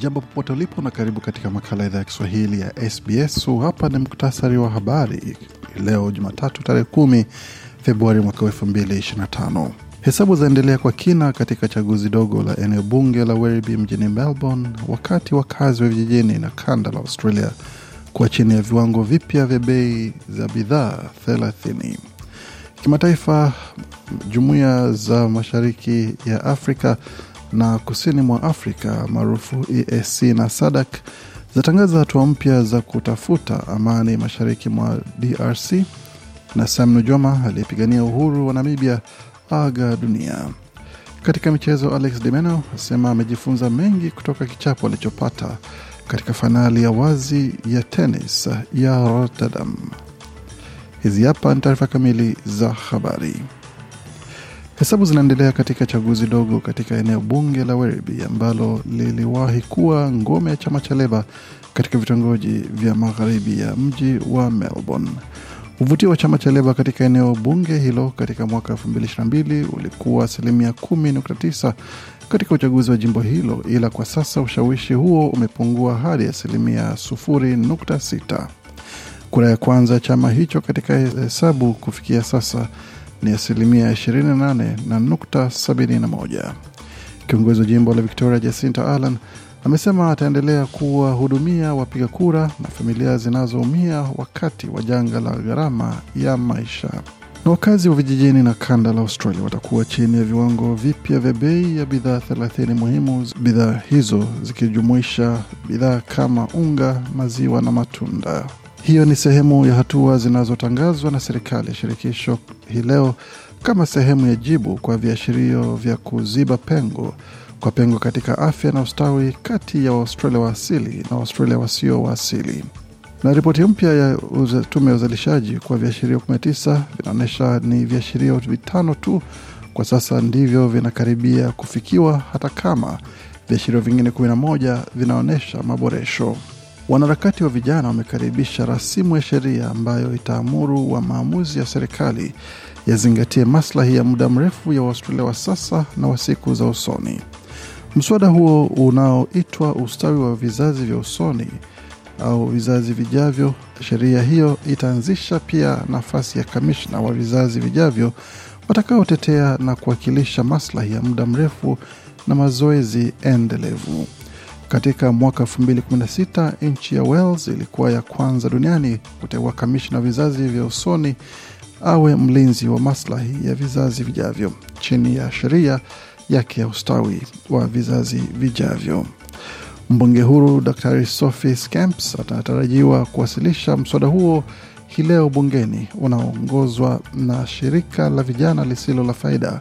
Jambo popote ulipo na karibu katika makala idhaa ya Kiswahili ya SBS. hapa ni muktasari wa habari leo Jumatatu tarehe kumi Februari mwaka elfu mbili ishirini na tano. Hesabu zaendelea kwa kina katika chaguzi dogo la eneo bunge la Werribee mjini Melbourne, wakati wakazi wa vijijini na kanda la Australia kuwa chini ya viwango vipya vya bei za bidhaa thelathini. Kimataifa, jumuiya za mashariki ya Afrika na kusini mwa Afrika maarufu EAC na SADAK zatangaza hatua mpya za kutafuta amani mashariki mwa DRC na Sam Nujoma aliyepigania uhuru wa Namibia aga dunia. Katika michezo, Alex Demeno asema amejifunza mengi kutoka kichapo alichopata katika fainali ya wazi ya tenis ya Rotterdam. Hizi hapa ni taarifa kamili za habari. Hesabu zinaendelea katika chaguzi dogo katika eneo bunge la Werribee ambalo liliwahi kuwa ngome ya chama cha Leba katika vitongoji vya magharibi ya mji wa Melbourne. Uvutio wa chama cha Leba katika eneo bunge hilo katika mwaka 2022 ulikuwa asilimia 10.9 katika uchaguzi wa jimbo hilo, ila kwa sasa ushawishi huo umepungua hadi asilimia 0.6. Kura ya kwanza chama hicho katika hesabu kufikia sasa ni asilimia 28 na nukta 71. Kiongozi wa jimbo la Victoria Jacinta Allan amesema ataendelea kuwahudumia wapiga kura na familia zinazoumia wakati wa janga la gharama ya maisha. Na wakazi wa vijijini na kanda la Australia watakuwa chini ya viwango vipya vya bei ya bidhaa 30 muhimu, bidhaa hizo zikijumuisha bidhaa kama unga, maziwa na matunda. Hiyo ni sehemu ya hatua zinazotangazwa na serikali ya shirikisho hii leo kama sehemu ya jibu kwa viashirio vya kuziba pengo kwa pengo katika afya na ustawi kati ya Waustralia wa asili na Waustralia wasio wa asili. Na ripoti mpya ya tume ya uzalishaji kwa viashirio 19 vinaonyesha ni viashirio vitano tu kwa sasa ndivyo vinakaribia kufikiwa, hata kama viashirio vingine 11 vinaonyesha maboresho. Wanaharakati wa vijana wamekaribisha rasimu ya sheria ambayo itaamuru wa maamuzi ya serikali yazingatie maslahi ya muda mrefu ya Waaustralia wa sasa na wa siku za usoni. Mswada huo unaoitwa ustawi wa vizazi vya usoni au vizazi vijavyo. Sheria hiyo itaanzisha pia nafasi ya kamishna wa vizazi vijavyo watakaotetea na kuwakilisha maslahi ya muda mrefu na mazoezi endelevu. Katika mwaka 2016 nchi ya Wales ilikuwa ya kwanza duniani kuteua kamishna wa vizazi vya usoni awe mlinzi wa maslahi ya vizazi vijavyo chini ya sheria yake ya ustawi wa vizazi vijavyo. Mbunge huru Dr. Sophie Scamps anatarajiwa kuwasilisha mswada huo hii leo bungeni unaoongozwa na shirika la vijana lisilo la faida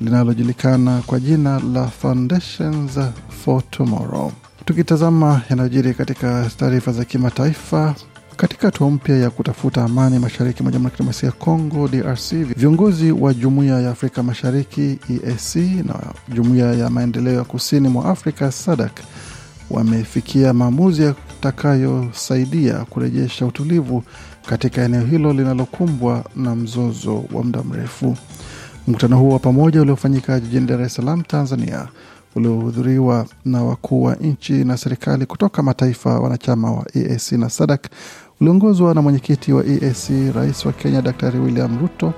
linalojulikana kwa jina la Foundations for Tomorrow. Tukitazama yanayojiri katika taarifa za kimataifa, katika hatua mpya ya kutafuta amani mashariki mwa Jamhuri ya Kidemokrasia ya Kongo, DRC, viongozi wa Jumuiya ya Afrika Mashariki EAC na Jumuiya ya Maendeleo ya Kusini mwa Afrika SADC wamefikia maamuzi yatakayosaidia kurejesha utulivu katika eneo hilo linalokumbwa na mzozo wa muda mrefu. Mkutano huo wa pamoja uliofanyika jijini Dar es Salaam, Tanzania, uliohudhuriwa na wakuu wa nchi na serikali kutoka mataifa wanachama wa EAC na SADC uliongozwa na mwenyekiti wa EAC Rais wa Kenya Daktari William Ruto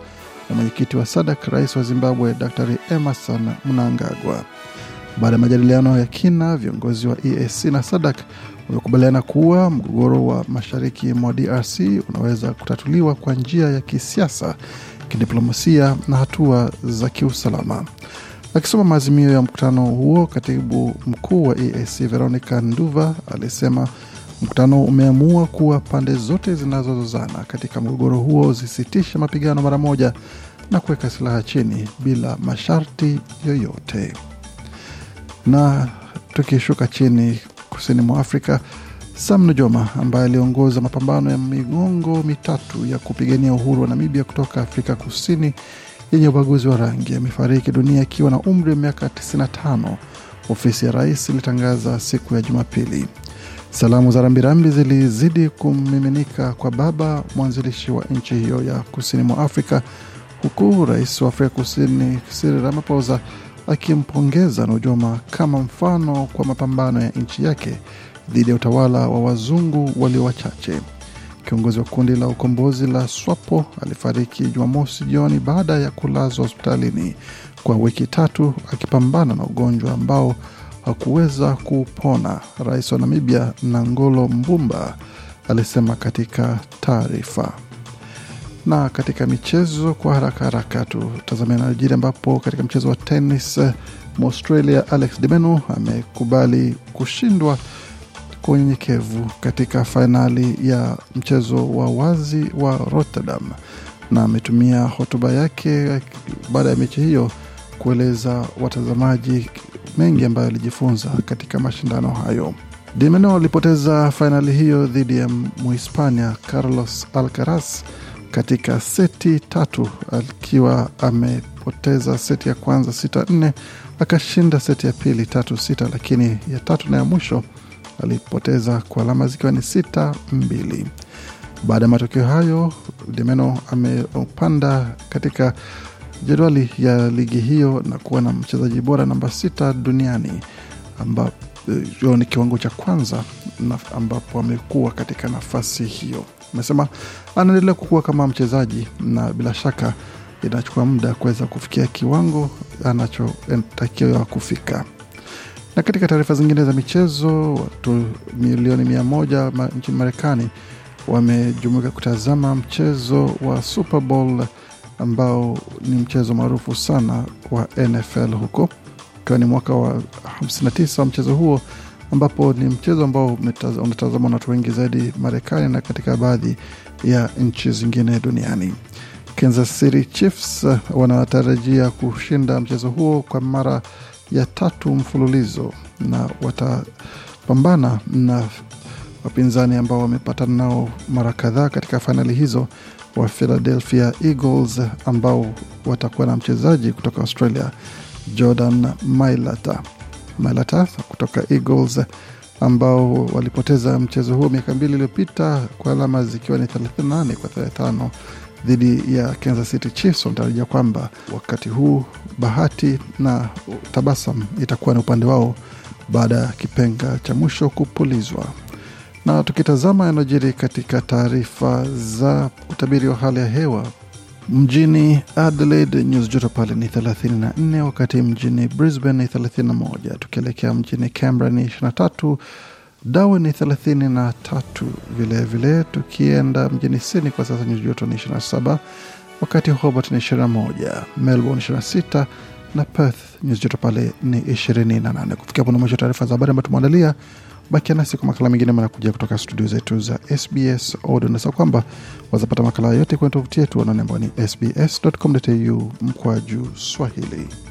na mwenyekiti wa SADC Rais wa Zimbabwe Daktari Emerson Mnangagwa. Baada ya majadiliano ya kina, viongozi wa EAC na SADC wamekubaliana kuwa mgogoro wa mashariki mwa DRC unaweza kutatuliwa kwa njia ya kisiasa, kidiplomasia na hatua za kiusalama. Akisoma maazimio ya mkutano huo, katibu mkuu wa EAC Veronica Nduva alisema mkutano umeamua kuwa pande zote zinazozozana katika mgogoro huo zisitishe mapigano mara moja na kuweka silaha chini bila masharti yoyote. Na tukishuka chini kusini mwa Afrika, Sam Nujoma ambaye aliongoza mapambano ya migongo mitatu ya kupigania uhuru wa Namibia kutoka Afrika Kusini yenye ubaguzi wa rangi amefariki dunia akiwa na umri wa miaka 95, ofisi ya rais ilitangaza siku ya Jumapili. Salamu za rambirambi zilizidi kumiminika kwa baba mwanzilishi wa nchi hiyo ya kusini mwa Afrika, huku rais wa Afrika Kusini Cyril Ramaphosa akimpongeza Nojoma kama mfano kwa mapambano ya nchi yake dhidi ya utawala wa wazungu walio wachache. Kiongozi wa kundi la ukombozi la SWAPO alifariki Jumamosi jioni baada ya kulazwa hospitalini kwa wiki tatu akipambana na ugonjwa ambao hakuweza kupona. Rais wa Namibia Nangolo Mbumba alisema katika taarifa. Na katika michezo kwa haraka haraka tutazamia najiri, ambapo katika mchezo wa tenis maustralia Alex de amekubali kushindwa kwa unyenyekevu katika fainali ya mchezo wa wazi wa Rotterdam, na ametumia hotuba yake baada ya mechi hiyo kueleza watazamaji mengi ambayo alijifunza katika mashindano hayo. dimeno alipoteza fainali hiyo dhidi ya Muhispania Carlos Alcaraz katika seti tatu akiwa amepoteza seti ya kwanza sita nne akashinda seti ya pili tatu sita lakini ya tatu na ya mwisho alipoteza kwa alama zikiwa ni sita mbili baada ya matokeo hayo demeno ameupanda katika jedwali ya ligi hiyo na kuwa na mchezaji bora namba sita duniani ambao eh, ni kiwango cha kwanza ambapo amekuwa katika nafasi hiyo. Amesema anaendelea kukua kama mchezaji na bila shaka inachukua muda kuweza kufikia kiwango anachotakiwa kufika. Na katika taarifa zingine za michezo, watu milioni mia moja ma, nchini Marekani wamejumuika kutazama mchezo wa Super Bowl ambao ni mchezo maarufu sana wa NFL huko, ikiwa ni mwaka wa 59 wa mchezo huo ambapo ni mchezo ambao unatazamwa na watu wengi zaidi Marekani na katika baadhi ya nchi zingine duniani. Kansas City Chiefs uh, wanatarajia kushinda mchezo huo kwa mara ya tatu mfululizo na watapambana na wapinzani ambao wamepatana nao mara kadhaa katika fainali hizo wa Philadelphia Eagles uh, ambao watakuwa na mchezaji kutoka Australia Jordan Mailata. Malata kutoka Eagles ambao walipoteza mchezo huo miaka mbili iliyopita kwa alama zikiwa ni 38 kwa 35 dhidi ya Kansas City Chiefs. Wanatarajia kwamba wakati huu bahati na tabasam itakuwa ni upande wao baada ya kipenga cha mwisho kupulizwa. Na tukitazama yanayojiri katika taarifa za utabiri wa hali ya hewa Mjini Adelaide nyuzi joto pale ni 34, wakati mjini Brisbane ni 31, tukielekea mjini Canberra ni 23, Darwin ni 33 vilevile. Tukienda mjini Sydney kwa sasa nyuzi joto ni 27, wakati Hobart ni 21, Melbourne 26 na Perth nyuzi joto pale ni 28. Kufikia hapo ni mwisho taarifa za habari ambayo tumeandalia. Bakia nasi kwa makala mengine manakuja kutoka studio zetu za SBS Audio. Nasa kwamba wazapata makala yote kwenye tovuti yetu wanaone ambao ni sbs.com.au mkwaju Swahili.